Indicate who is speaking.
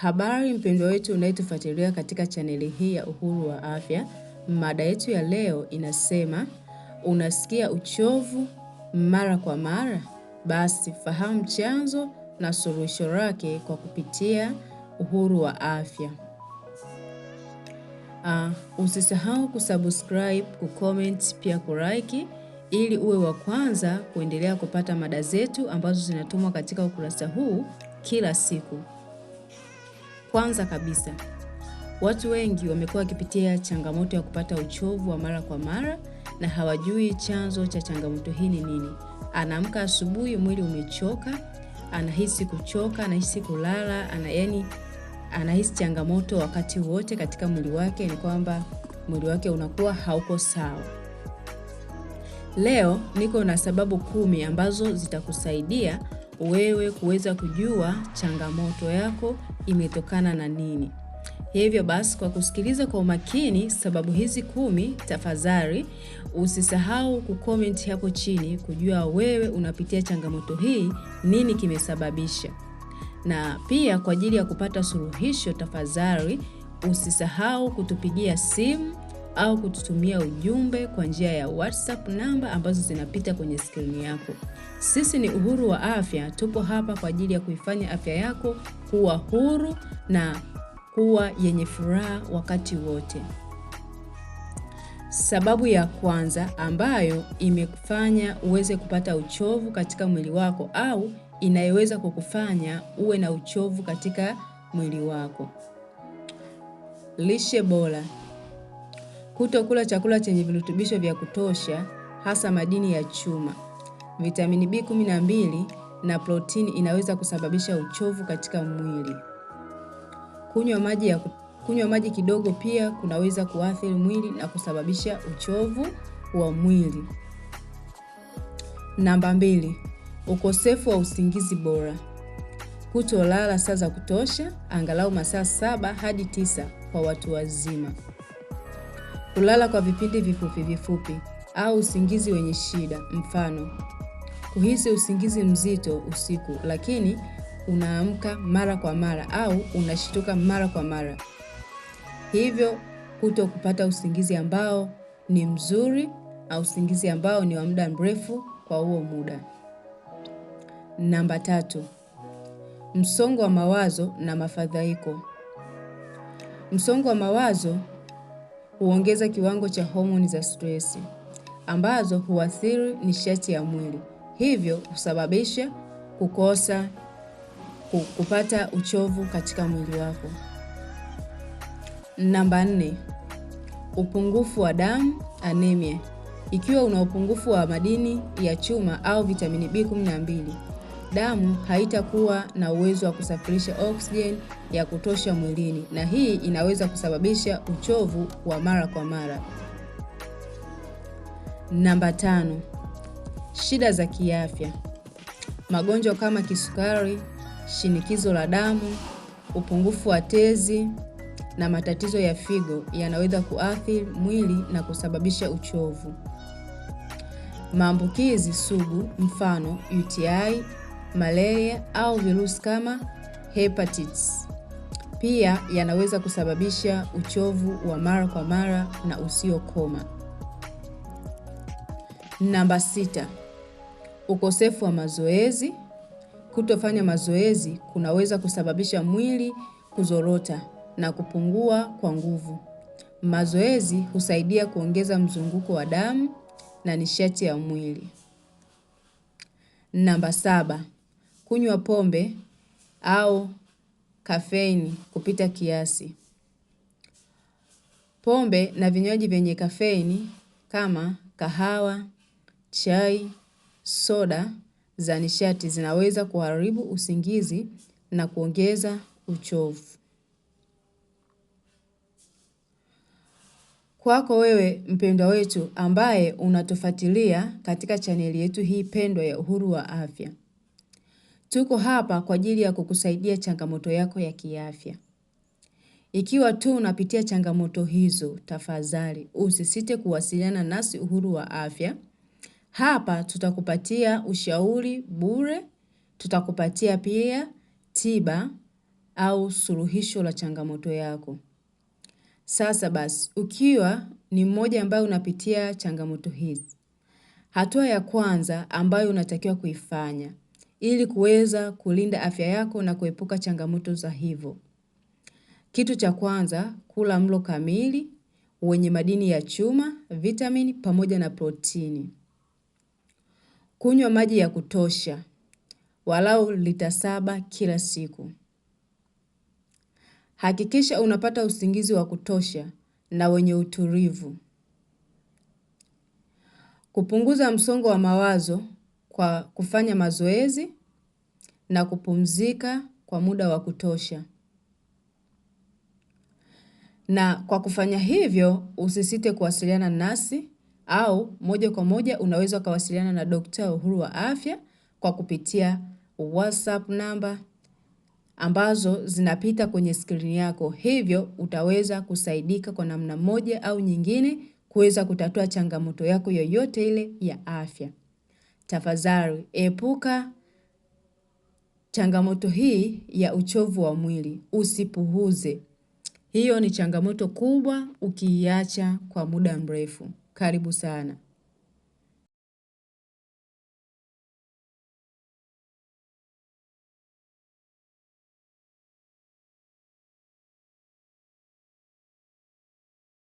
Speaker 1: Habari mpendwa wetu unayetufuatilia katika chaneli hii ya Uhuru wa Afya. Mada yetu ya leo inasema, unasikia uchovu mara kwa mara? Basi fahamu chanzo na suluhisho lake kwa kupitia Uhuru wa Afya. Uh, usisahau kusubscribe, kucomment, pia kulike ili uwe wa kwanza kuendelea kupata mada zetu ambazo zinatumwa katika ukurasa huu kila siku. Kwanza kabisa, watu wengi wamekuwa wakipitia changamoto ya kupata uchovu wa mara kwa mara na hawajui chanzo cha changamoto hii ni nini. Anaamka asubuhi, mwili umechoka, anahisi kuchoka, anahisi kulala, ana yani anahisi changamoto wakati wote katika mwili wake, ni kwamba mwili wake unakuwa hauko sawa. Leo niko na sababu kumi ambazo zitakusaidia wewe kuweza kujua changamoto yako imetokana na nini. Hivyo basi, kwa kusikiliza kwa umakini sababu hizi kumi, tafadhali usisahau kukomenti hapo chini kujua wewe unapitia changamoto hii, nini kimesababisha. Na pia kwa ajili ya kupata suluhisho, tafadhali usisahau kutupigia simu au kututumia ujumbe kwa njia ya WhatsApp namba ambazo zinapita kwenye skrini yako. Sisi ni Uhuru wa Afya, tupo hapa kwa ajili ya kuifanya afya yako kuwa huru na kuwa yenye furaha wakati wote. Sababu ya kwanza ambayo imekufanya uweze kupata uchovu katika mwili wako au inayoweza kukufanya uwe na uchovu katika mwili wako, lishe bora. Kutokula chakula chenye virutubisho vya kutosha hasa madini ya chuma, vitamini B12 na protini inaweza kusababisha uchovu katika mwili. Kunywa maji ya kunywa maji kidogo pia kunaweza kuathiri mwili na kusababisha uchovu wa mwili. Namba mbili, ukosefu wa usingizi bora. Kutolala saa za kutosha, angalau masaa saba hadi tisa kwa watu wazima kulala kwa vipindi vifupi vifupi au usingizi wenye shida, mfano kuhisi usingizi mzito usiku lakini unaamka mara kwa mara au unashituka mara kwa mara, hivyo kuto kupata usingizi ambao ni mzuri au usingizi ambao ni wa muda mrefu kwa huo muda. Namba tatu, msongo wa mawazo na mafadhaiko. Msongo wa mawazo huongeza kiwango cha homoni za stresi ambazo huathiri nishati ya mwili, hivyo husababisha kukosa kupata uchovu katika mwili wako. Namba nne, upungufu wa damu anemia. Ikiwa una upungufu wa madini ya chuma au vitamini B12 damu haitakuwa na uwezo wa kusafirisha oksijeni ya kutosha mwilini, na hii inaweza kusababisha uchovu wa mara kwa mara. Namba tano, shida za kiafya. Magonjwa kama kisukari, shinikizo la damu, upungufu wa tezi na matatizo ya figo yanaweza kuathiri mwili na kusababisha uchovu. Maambukizi sugu, mfano UTI malaria au virusi kama hepatitis. Pia yanaweza kusababisha uchovu wa mara kwa mara na usiokoma. Namba sita, ukosefu wa mazoezi. Kutofanya mazoezi kunaweza kusababisha mwili kuzorota na kupungua kwa nguvu. Mazoezi husaidia kuongeza mzunguko wa damu na nishati ya mwili. Namba saba, kunywa pombe au kafeini kupita kiasi. Pombe na vinywaji vyenye kafeini kama kahawa, chai, soda, za nishati zinaweza kuharibu usingizi na kuongeza uchovu. Kwako wewe mpendwa wetu ambaye unatufuatilia katika chaneli yetu hii pendwa ya Uhuru wa Afya. Tuko hapa kwa ajili ya kukusaidia changamoto yako ya kiafya. Ikiwa tu unapitia changamoto hizo, tafadhali usisite kuwasiliana nasi Uhuru wa Afya. Hapa tutakupatia ushauri bure, tutakupatia pia tiba au suluhisho la changamoto yako. Sasa basi, ukiwa ni mmoja ambaye unapitia changamoto hizi, hatua ya kwanza ambayo unatakiwa kuifanya ili kuweza kulinda afya yako na kuepuka changamoto za hivo. Kitu cha kwanza, kula mlo kamili, wenye madini ya chuma, vitamini, pamoja na protini. Kunywa maji ya kutosha, walau lita saba kila siku. Hakikisha unapata usingizi wa kutosha na wenye utulivu. Kupunguza msongo wa mawazo kwa kufanya mazoezi na kupumzika kwa muda wa kutosha. Na kwa kufanya hivyo, usisite kuwasiliana nasi au moja kwa moja unaweza ukawasiliana na Dokta Uhuru wa Afya kwa kupitia WhatsApp namba ambazo zinapita kwenye skrini yako. Hivyo utaweza kusaidika kwa namna moja au nyingine kuweza kutatua changamoto yako yoyote ile ya afya. Tafadhali epuka changamoto hii ya uchovu wa mwili, usipuuze. Hiyo ni changamoto kubwa ukiiacha kwa muda mrefu. Karibu sana.